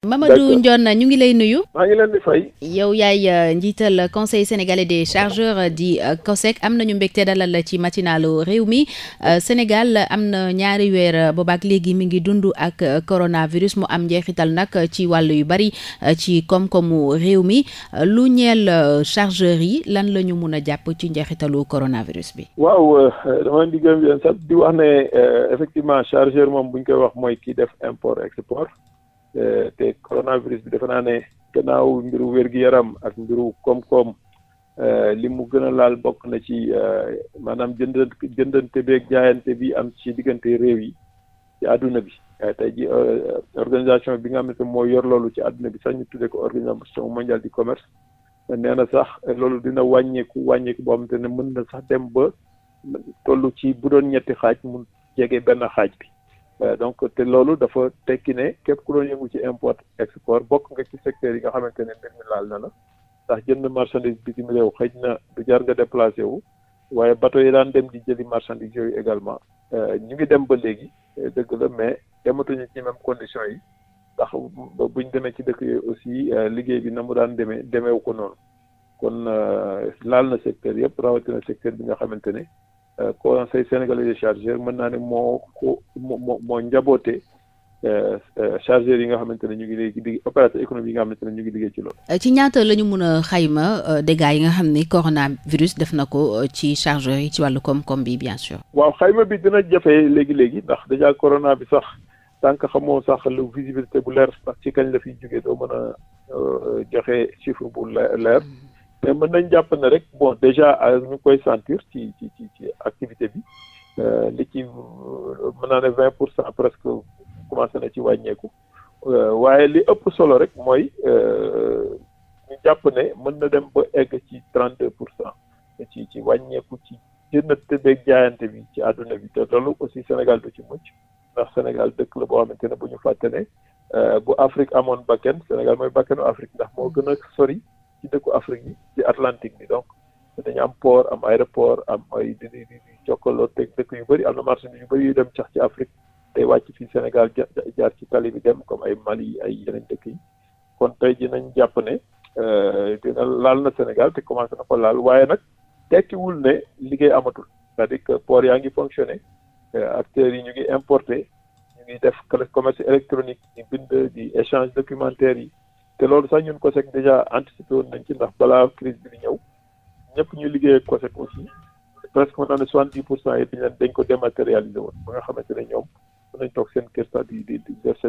Mamadou na ñu ngi lay nuyu. yow yaay euh, njiital conseil sénégalais de chargeurs euh, di euh, COSEC am nañu mbégte dalal ci matinalu réew mi Sénégal am na ñaari weer boobaak léegi mi ngi dund ak coronavirus mu am njeexital nag ci wàll yu bari ci koom-koomu réew mi lu ñeel chargeurs yi lan la ñu mun a jàpp ci njeexitalu coronavirus bi. waaw dama di gëm yéen di wax ne effectivement chargeur moom bu koy wax mooy kii def import export. te coronavirus bi defe naa ne gannaaw mbiru wér gi yaram ak mbiru koom-koom eh, li mu gën a laal bokk na ci eh, maanaam jëndant jëndante beeg jaayante bi am ci diggante réew yi ci àdduna bi eh, tey ji organisation bi nga ne xamante moo yor loolu ci àdduna bi sax ñu tuddee ko organisation mondiale du commerce nee na sax loolu dina wàññeeku wàññeeku boo xamante ne mën na sax dem ba toll ci bu doon ñetti xaaj mu jege benn xaaj bi Euh, donc te loolu dafa tekki ne képp ku doon yëngu ci import export bokk nga ci secteur yi nga xamante ne mbir mi laal na la ndax jënd marchandise bitim réew xëj na du jar nga déplacé wu waaye bateau yi daan dem di jëli marchandise yooyu également euh, ñu ngi dem ba léegi euh, dëgg la mais dematuñu ci même condition yi ndax buñ demee ci dëkk yooyu aussi liggéey bi na mu daan demee demeewu ko noonu kon laal na secteur yëpp rawatina secteur bi nga xamante ne conseil sénégalais des chargeurs mën naa ne moo ko moo moo njaboote euh, euh, chargeurs yi nga xamante ne ñu ngi léegi di opérateur économique yi nga xamante ne ñu ngi liggéey ci loolu. Euh, ci ñaata la ñu mun a xayma dégâts yi nga xam ne coronavirus def na ko ci chargeurs yi ci wàllu koom-koom bi bien sûr. waaw xayma bi dina jafe léegi léegi ndax déjà corona bi sax tànk xamoo sax lu visibilité bu leer ndax ci kañ la fiy jógee doo mën a joxe chiffre bu leer. mais mën nañ jàpp ne rek bon déjà ah, ñu koy sentir ci ci ci ci activité bi euh, li ci euh, mën naa ne vingt pour cent presque commencé na ci wàññeeku euh, waaye li ëpp solo rek mooy ñu jàpp ne mën na dem ba egg ci trente deux pour cent ci ci wàññeeku ci jëndante beeg jaayante bi ci àdduna bi te loolu aussi Sénégal du ci mucc ndax Sénégal dëkk la boo xamante ne bu ñu fàtte ne bu Afrique amoon bakken Sénégal mooy bakkenu Afrique ndax moo gën a sori. ci dëkku Afrique yi ci Atlantique bi donc dañu am port am aéroport am ay di di di jokkaloo dëkk yu bëri am na marché yu bëri yu dem sax ci Afrique tey wàcc fii Sénégal jaar ci tali bi dem comme ay Mali ay yeneen dëkk yi kon tey ji nañ jàpp ne euh, dina laal na Sénégal te commencé na ko laal waaye nag tekkiwul ne liggéey amatul c'est-à-dire que port yaa ngi fonctionné euh, acteurs yi ñu ngi importé ñu ngi def commerce électronique di bind di échange documentaire yi te loolu sax ñun COSEC déjà anticipé woon nañ ci ndax balaa crise bi di ñëw ñëpp ñu liggéey ak COSEC aussi presque mën naa ne soixante dix pour cent yi dañ leen dañ ko dématérialisé woon ba nga xamante ne ñoom danañ toog sa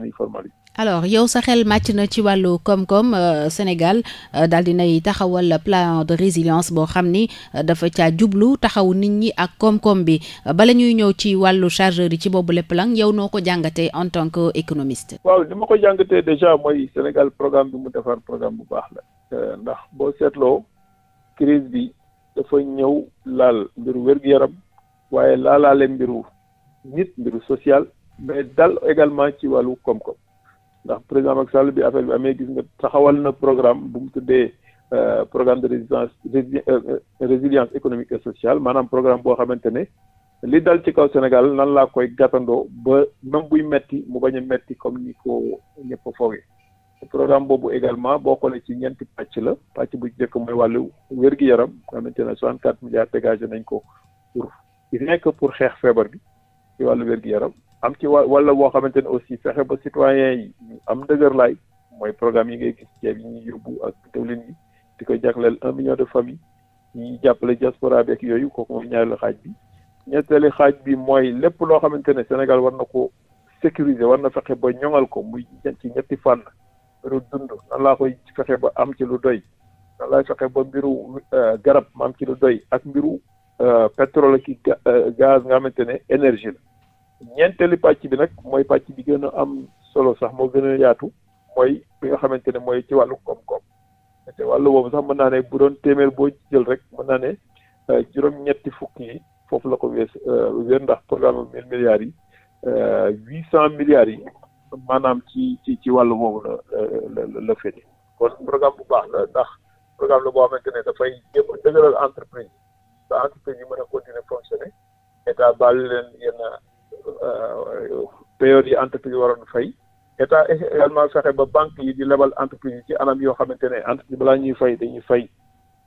yow sa xel màcc na ci wàllu koom-koom euh, Sénégal euh, daal di nay taxawal plan de résilience boo xam ni euh, dafa caa jublu taxaw nit ñi ak koom-koom bi bala ñuy ñëw ci wàllu chargeur yi ci boobu lépp lan yow noo ko jàngatee en tant que économiste. waaw li ma ko jàngatee déjà mooy Sénégal programme bi mu defar programme bu baax la. ndax boo seetloo crise bi dafa ñëw laal mbiru wér-gu-yaram waaye laalaale mbiru nit mbiru social. mais dal également ci wàllu koom-koom ndax président Macky Sall bi affaire bi amee gis nga taxawal na programme bu mu tuddee euh, programme de résilience euh, euh, résilience économique et sociale maanaam programme boo xamante ne li dal ci kaw Sénégal nan laa koy gàttandoo ba même buy metti mu bañ a metti comme ni ko ñëpp foogee programme boobu également boo xoolee ci ñeenti pàcc la pàcc bu njëkk mooy wàllu wér-gi-yaram nga xamante ne 64 milliards dégagé nañ ko pour rien que pour xeex feebar bi ci wàllu wér yaram am ci wala woo xamante ne aussi fexe ba citoyen yi am dëgër laay mooy programme yi ngay gis ceeb yi ñuy yóbbu ak diwlin yi di ko jagleel un million de famille ñuy jàppale diaspora bi ak yooyu kooku mooy ñaareelu xaaj bi ñetteelu xaaj bi mooy lépp loo xamante ne Sénégal war na ko sécuriser war na fexe ba ñoŋal ko muy ci ñetti fànn mbiru dund nan laa koy fexe ba am ci lu doy nan laay fexe ba mbiru euh, garab ma am ci lu doy ak mbiru euh, pétrole ki euh, gaz nga xamante ne énergie la ñeenteeli pàcc bi nag mooy pàcc bi gën a am solo sax moo gën a yaatu mooy bi nga xamante ne mooy ci wàllu koom-koom te wàllu boobu sax mën naa ne bu doon téeméer boo jël rek mën naa ne euh, juróom-ñetti fukk yi foofu la ko wees euh, wér ndax programme mille milliards yi euh, huit cent milliards yi maanaam ci ci ci wàllu boobu la la la féete kon programme bu baax la ndax programme la boo xamante ne dafay jéem a dëgëral entreprise te entreprise yi mën a continuer période yi entreprise waroon fay état également fexe ba banque yi di lebal entreprise yi ci anam yoo xamante ne entreprise balaa ñuy fay dañuy fay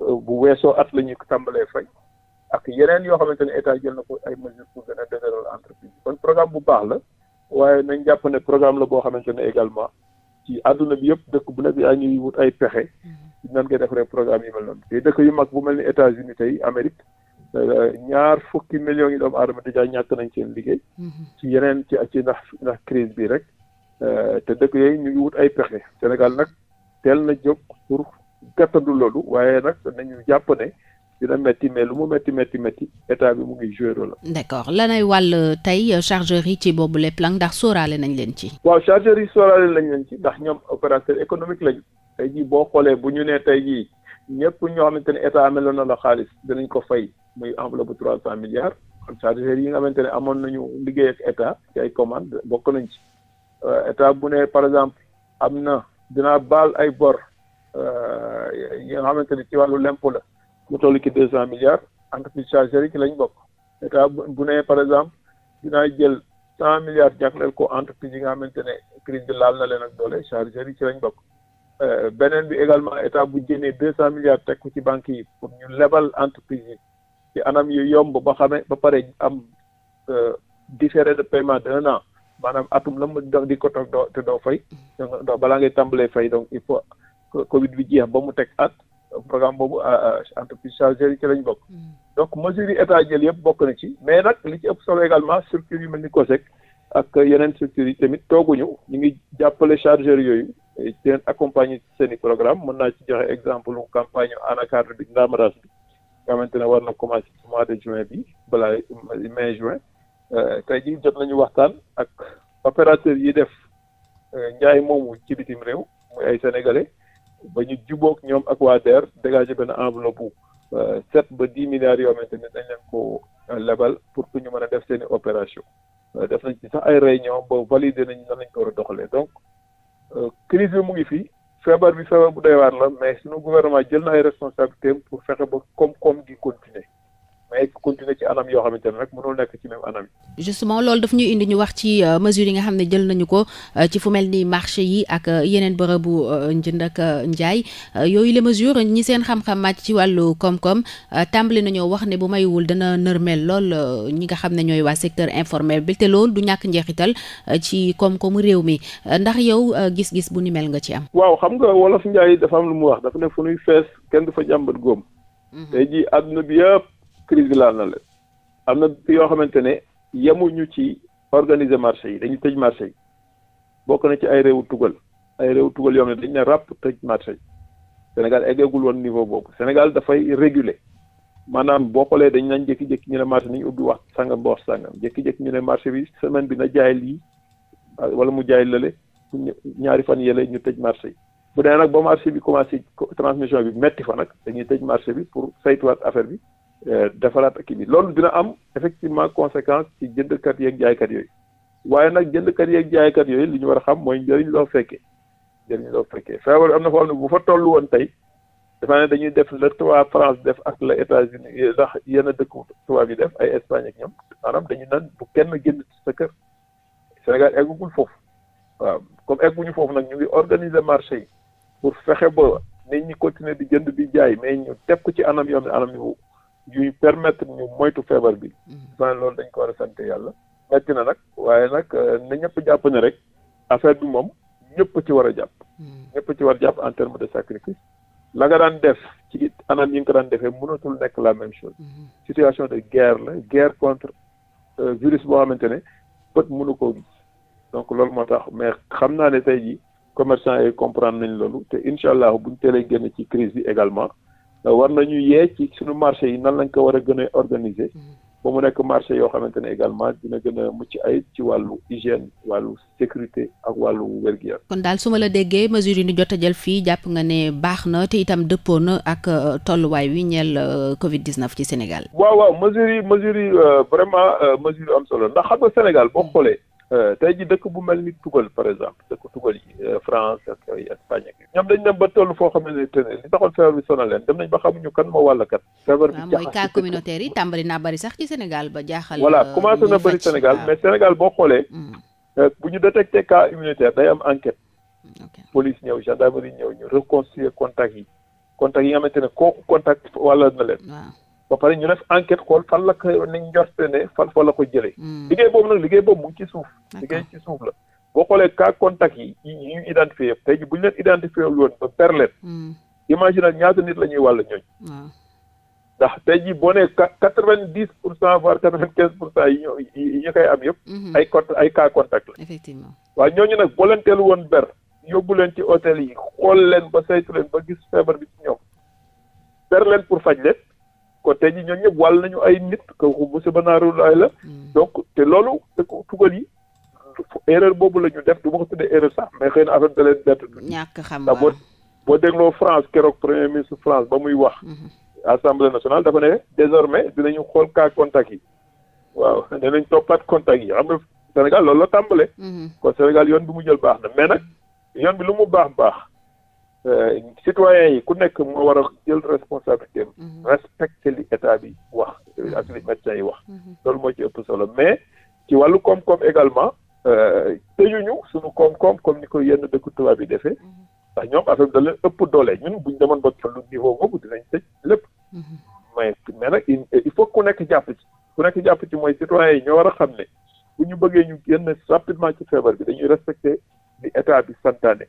euh, bu weesoo at la ñuy tàmbalee fay ak yeneen yoo xamante ne état jël na ko ay mesures pour gën a dëgëral entreprise kon programme bu baax la waaye nañ jàpp ne programme la boo xamante ne également ci àdduna bi yëpp dëkk bu nekk yaa ñuy wut ay pexe mm-hmm. nan ngay defaree programme yi mel noonu te dëkk yu ma bu mel ni États-Unis tey Amérique ñaar fukki millions yi doomu aadama déjà ñàkk nañ seen liggéey. Mhm. ci yeneen ci ci ndax ndax crise bi rek. Euh, te dëkk yooyu ñu ngi wut ay pexe Sénégal nag teel na jóg pour gàttandu loolu waaye nag nañu jàpp ne dina métti mais lu mu métti métti métti état bi mu ngi joué la. d' accord lanay wàll tey chargeurs yi ci boobu les plan ndax sóoraale nañ leen ci. waaw chargeurs yi sóoraale nañ leen ci ndax ñoom opérateur économique lañu. tey jii boo xoolee bu ñu nee tey jii ñëpp ñoo xamante ne état ameloon na xaalis dinañ ko fay. muy enveloppe trois cent milliards kon chargeurs yi nga xamante ne amoon nañu liggéey ak état ci ay bokk nañ ci euh, état bu ne par exemple am na dina baal ay bor euh, yi nga xamante ne ci wàllu lempo la mu toll ci deux cent milliards entreprise chargeurs yi ci lañ bokk état bu ne par exemple dinaa jël cent milliards jagleel ko entreprise yi nga xamante ne crise bi laal na leen ak doole chargeurs yi ci lañ bokk euh, beneen bi également état bu jënee deux cent milliards teg ko ci banques yi pour lebal entreprise ci anam yu yomb ba xame ba pare am euh, différé de payment d'un an maanaam atum la mu di ko toog doo te doo fay donc balaa ngay tàmbalee fay donc il faut Covid bi jeex ba mu teg at programme boobu entreprise chargé yi ci lañ bokk. Mm. donc mesures yi état jël yëpp bokk na ci mais nag li ci ëpp solo également structure yu mel ni COSEC ak yeneen structure tamit tooguñu ñu ngi jàppale chargeurs yooyu di leen accompagner seen i programme mën naa ci joxe exemple campagne ANACAR bi Ndamaras bi. nga xamante ne war na commencé mois de juin bi balaa mais juin euh, tey jii jot nañu waxtaan ak opérateur yi def euh, njaay moomu ci bitim réew muy ay sénégalais ba ñu jubóog ñoom ak waa DER dégagé benn enveloppe bu euh, ba dix milliards yoo xamante ne ko lebal pour que ñu mën a def seen i opération def nañ ci sax ay réunion ba validé nañ nan lañ ko war a doxalee donc crise bi mu ngi fii feebar bi feebar bu doy waar la mais suñu gouvernement jël na ay responsabilités pour fexe ba koom-koom gi continuer mais continuer ci anam yoo xamante ne ñu wax euh, yi nga xam ne jël nañu ko euh, ci fu mel ni marché yi ak euh, yeneen bërëbu njënd ak njaay yooyu les mesures ñi seen xam-xam màcc ci wàllu koom-koom tàmbali nañoo wax ne bu may wul dana mel lool ñi nga xam ne ñooy waa secteur informel bi te lool du ñàkk njeexital ci koom-koomu réew mi ndax yow gis-gis bu ni mel nga ci am. waaw xam nga wolof njaay dafa am lu mu wax dafa ne fu ñuy fees kenn du fa jàmbat góom. Mhm. tey jii àdduna bi yëpp crise bi laal na leen am na yoo xamante ne yemuñu ci organiser marché yi dañu tëj marché yi bokk na ci ay réewu tugal ay réewu tugal yoo xam ne dañ ne ràpp tëj marché yi Sénégal eggeegul woon niveau boobu Sénégal dafay réguler maanaam boo xoolee dañ nañ jékki-jékki ñu ne marché nañu ubbi wax sangam ba wax sangam jékki-jékki ñu ne marché bi semaine bi na jaay lii ah, wala mu jaay lële ñaari fan yële ñu tëj marché yi bu dee nag ba marché bi commencé transmission bi metti fa nag dañuy tëj marché bi pour saytuwaat affaire bi Euh, defaraat ak bi loolu dina am effectivement conséquence ci jëndkat yeeg jaaykat yooyu waaye nag jëndkat yeeg jaaykat yooyu li ñu war a xam mooy njëriñ loo fekkee njëriñ loo fekkee feebar bi am na foo bu fa toll woon tey dafa ne dañuy def la waa France def ak la États-Unis euh, ndax yenn dëkku tubaab yi def ay Espagne ak ñoom maanaam dañu naan bu kenn génn ci sa kër Sénégal eggagul foofu waaw comme egguñu foofu nag ñu ngi organiser marché yi pour fexe ba nit ñi continuer di jënd di jaay mais teg ko ci anam yoo xam ne yuy permettre ñu moytu feebar bi. sans mm-hmm. loolu dañ ko war a sant yàlla. metti na nag waaye nag euh, na ñëpp jàpp rek affaire bi moom ñëpp ci war a jàpp. Mm-hmm. ñëpp ci war a jàpp en terme de sacrifice. la nga daan def ci anam yi nga ko daan defee mënatul nekk la même chose. Mm-hmm. situation de guerre la guerre contre euh, virus boo xamante ne bët mënu koo gis. donc loolu moo tax mais xam naa ne tey jii commerçant yi comprendre nañ loolu te incha allah buñ teelee génn ci crise bi également. Euh, war na yee ci suñu marché yi nan lañ ko war a gën a organiser mm-hmm. ba mu nekk marché yoo xamante ne également dina gën a mucc ayib ci wàllu hygiène wàllu sécurité ak wàllu wér-gu-yaram kon daal su ma la déggee mesure yi ñu jot a jël fii jàpp nga ne baax na te itam dëppoo na ak euh, tolluwaay wi ñeel euh, Covid 19 ci Sénégal. waaw waaw mesure yi mesure yi vraiment mesure am solo ndax xam nga Sénégal boo mm-hmm. xoolee. Euh, tey ji dëkk bu mel ni tugal par exemple dëkk tugal yi euh, France ak Espagne ak ñoom dañ dem ba toll foo xam ne tene li taxoon feebar bi sonal leen dem nañ ba xamuñu kan moo wàllkat feebar bi ah, mooy cas communautaire yi tàmbali naa bëri sax ci Sénégal ba jaaxal voilà euh, commencé na bëri Sénégal ah. mais senegal boo xoolee mm. bu ñu détecté cas immunitaire day am enquête mm, police ñëw gendarmerie ñëw ñu reconstruire contact yi contact yi nga xamante ne contact wàllal na leen ba pare ñu def enquête xool fan la ko nañ njorte ne fan fa la ko jëlee. Hmm. liggéey boobu nag liggéey boobu mu ci suuf. liggéey ci suuf la boo xoolee cas contact yi yi ñu identifier yëpp tey jii bu ñu leen identifié woon ba perlet. Hmm. imaginal ñaata nit la ñuy wàll ñooñ ndax tey jii boo nee quatre vingt dix pour cent voire quatre pour cent yi ñu am yëpp. Hmm. ay cont ay cas contact la. effectivement waaw ñooñu nag boo leen teel woon ber yóbbu leen ci hôtel yi xool leen ba saytu leen ba gis feebar bi ci ñoom ber leen pour faj leen. kon tey jii ñooñu ñëpp wàll nañu ay nit kooku musiba naaru laay la mm. donc te loolu tugal yi erreur boobu la ñu def du ma ko tuddee erreur sax mais xëy na affaire da leen bett ñàkk xam ndax boo boo dégloo France keroog premier ministre France ba muy wax mm-hmm. assemblée nationale dafa ne désormais dinañu xool cas contact yi waaw dinañ toppaat contact yi xam nga Sénégal loolu la tàmbale mm-hmm. kon Sénégal yoon bi mu jël baax na mais nag yoon bi lu mu baax baax Euh, citoyens yi ku nekk moo war a jël responsabilité am mhm. respecté li état bi wax euh, ak li mhm. médecins yi wax mhm. loolu moo ci ëpp solo mais ci wàllu koom-koom également euh, tëjuñu suñu koom-koom comme ni ko yenn dëkku tubaab yi defee ndax ñoom affaire da ëpp doole ñun buñ demoon ba tollu niveau boobu dinañ tëj lépp mais mais nag il faut ku nekk jàpp ci ku nekk jàpp ci mooy citoyens yi ñoo war a xam ne bu ñu bëggee ñu génn rapidement ci feebar bi dañuy respecté li état bi santaane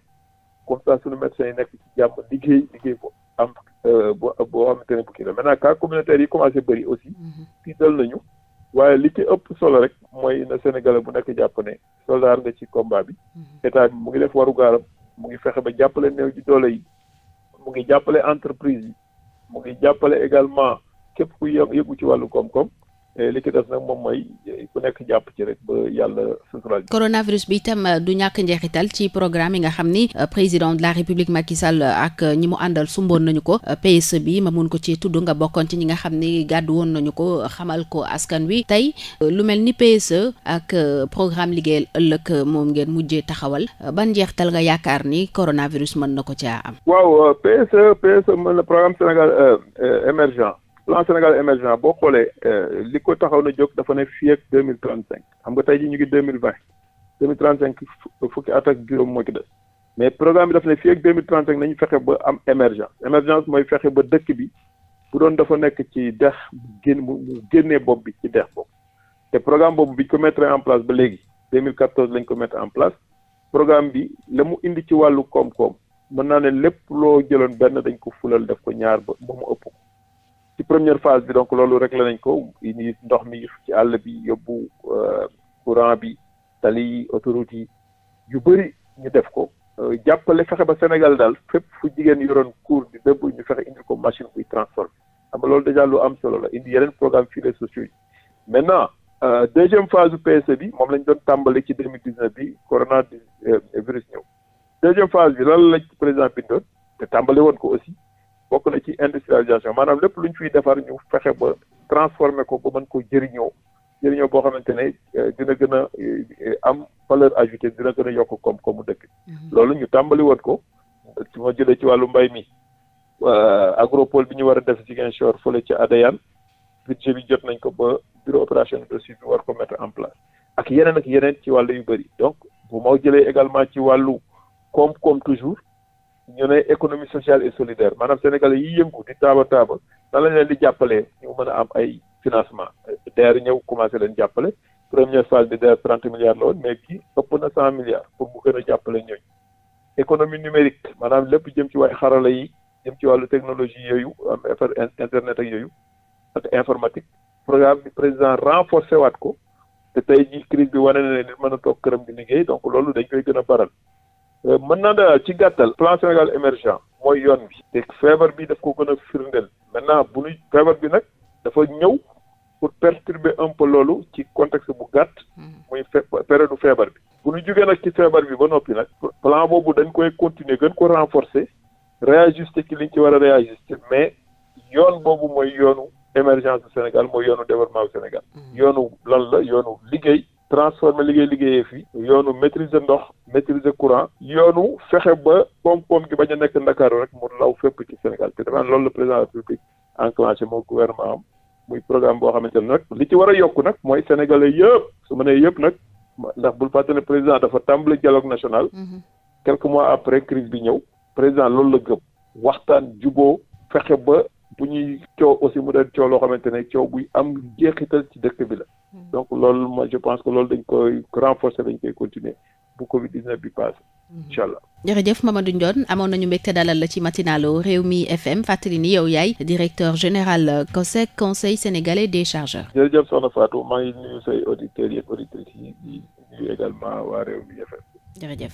comme ça suñu médecins yi nekk ci jàmm liggéey liggéey bu am euh, boo boo xamante ne bu kii la maintenant communautaire yi commencé bëri aussi fii mhm. dal nañu waaye li ci ëpp solo rek mooy na Sénégalais bu nekk jàpp ne soldat nga ci combat bi mhm. état bi mu ngi def waru mu ngi fexe ba jàppale néew ji doole yi mu ngi jàppale entreprise yi mu ngi jàppale également képp ku yëngu ci wàllu koom-koom Eh, li ci des nag moom mooy eh, ku nekk jàpp ci rek ba yàlla coronavirus bi itam eh, du ñàkk njeexital ci programme yi nga xam ni président de la république Macky Sall ak ñi mu àndal sumboon nañu ko PSE bi ma mun ko ci tudd nga bokkoon ci ñi nga xam ni gàddu woon nañu ko xamal ko askan wi tey lu mel ni PSE ak programme liggéeyal ëllëg moom ngeen mujje taxawal ban njeexital nga yaakaar ni coronavirus mën na ko caa am. waaw PSE PSE mën na programme Sénégal émergent. plan Sénégal émergent boo xoolee euh, li ko taxaw na jóg dafa ne fii ak deux mille trente cinq xam nga tey jii ñu ngi deux mille vingt deux mille trente cinq fukki at ak juróom moo ci des mais programme bi dafa ne fii ak deux mille trente cinq nañu fexe ba am émergence émergence mooy fexe ba dëkk bi bu doon dafa nekk ci dex génn mu génnee bopp bi ci dex boobu te programme boobu biñ ko mettre en place ba léegi deux mille quatorze lañ ko mettre en place programme bi la mu indi ci wàllu koom-koom mën naa ne lépp loo jëloon benn dañ ko fulal def ko ñaar ba mu ëpp ci première phase bi donc loolu réglé nañ ko indi ndox mi ci àll bi yóbbu euh, courant bi tali yi autoroute yi yu bëri ñu def ko euh, jàppale fexe ba Sénégal daal fépp fu jigéen yoroon cour di dëbb ñu fexe indi ko machine buy transforme xam nga loolu déjà lu am solo la indi yeneen programme filets sociaux yi maintenant euh, deuxième phase du PSE bi moom lañ doon tàmbali ci deux mille dix neuf bi corona virus ñëw deuxième phase bi lan lañ président bindoon te tàmbali woon ko aussi bokk na ci industrialisation maanaam lépp lu ñu fiy defar ñu fexe ba transformer ko ba mën ko jëriñoo jëriñoo boo xamante ne euh, dina gën a euh, am valeur ajoutée dina gën a yokk koom-koomu dëkk. Mm-hmm. loolu ñu tàmbali woon ko su ma jëlee ci wàllu mbay mi euh, agropole bi ñu war a def Ziguinchor fële ci Adéane budget bi jot nañ ko ba bureau opération de suivi bi war ko mettre en place ak yeneen ak yeneen ci wàllu yu bëri donc bu moo jëlee également ci wàllu koom-koom toujours. ñu ne économie sociale et solidaire maanaam sénégalais yi yëngu di taaba taaba nan lañ leen di jàppale ñu mën a am ay financement DER ñëw commencé leen jàppale première phase bi DER trente milliards la woon mais bii ëpp na cent milliards pour mu gën a jàppale ñooñ économie numérique maanaam lépp jëm ci waay xarala yi jëm ci wàllu technologie yooyu am internet ak yooyu ak informatique programme bi président renforcé waat ko te tey jii crise bi wane na ne nit mën a toog këram di liggéey donc loolu dañ koy gën a baral Euh, mën naa daal ci gàttal plan Sénégal émergent mooy yoon bi te feebar bi daf ko gën a firndeel maintenant bu ñu feebar bi nag dafa ñëw pour perturber un peu loolu ci contexte bu gàtt hmm. muy période feebar bi bu ñu jógee nag ci feebar bi ba noppi nag plan boobu dañ koy continuer gën ko renforcer réajuster ci liñ ci war a réajuster mais yoon boobu mooy yoonu émergence du Sénégal mooy yoonu développement du Sénégal hmm. yoonu lan la yoonu liggéey transformer li ngay liggéeyee fii yoonu maîtriser ndox maîtriser courant yoonu fexe ba kom koom gi bañ a nekk ndakaaru rek mu law fépp ci Sénégal te dafa loolu le président de la République enclenché gouvernement am muy programme boo xamante ne nag li ci war a yokk nag mooy sénégalais yëpp su ma nee yëpp nag ndax bul fàtte ne président dafa tàmbali dialogue national mhm. quelques mois après crise bi ñëw président loolu la gëm waxtaan juboo fexe ba bu ñuy coow aussi mu doon coow loo xamante ne coow buy am jeexital ci dëkk bi la. Hmm. donc loolu moi je pense que loolu dañ koy renforcer dañ koy continuer bu Covid 19 bi passé. Hmm. incha allah jërëjëf Mamadou Ndione amoon nañu mbégte dalal la ci réew mi FM fàttali ni yow yaay directeur général COSEC conseil sénégalais des chargeurs. jërëjëf soxna Fatou maa ngi nuyu say auditeurs yeeg auditrices yi di nuyu également waa Rewmi FM. jërëjëf.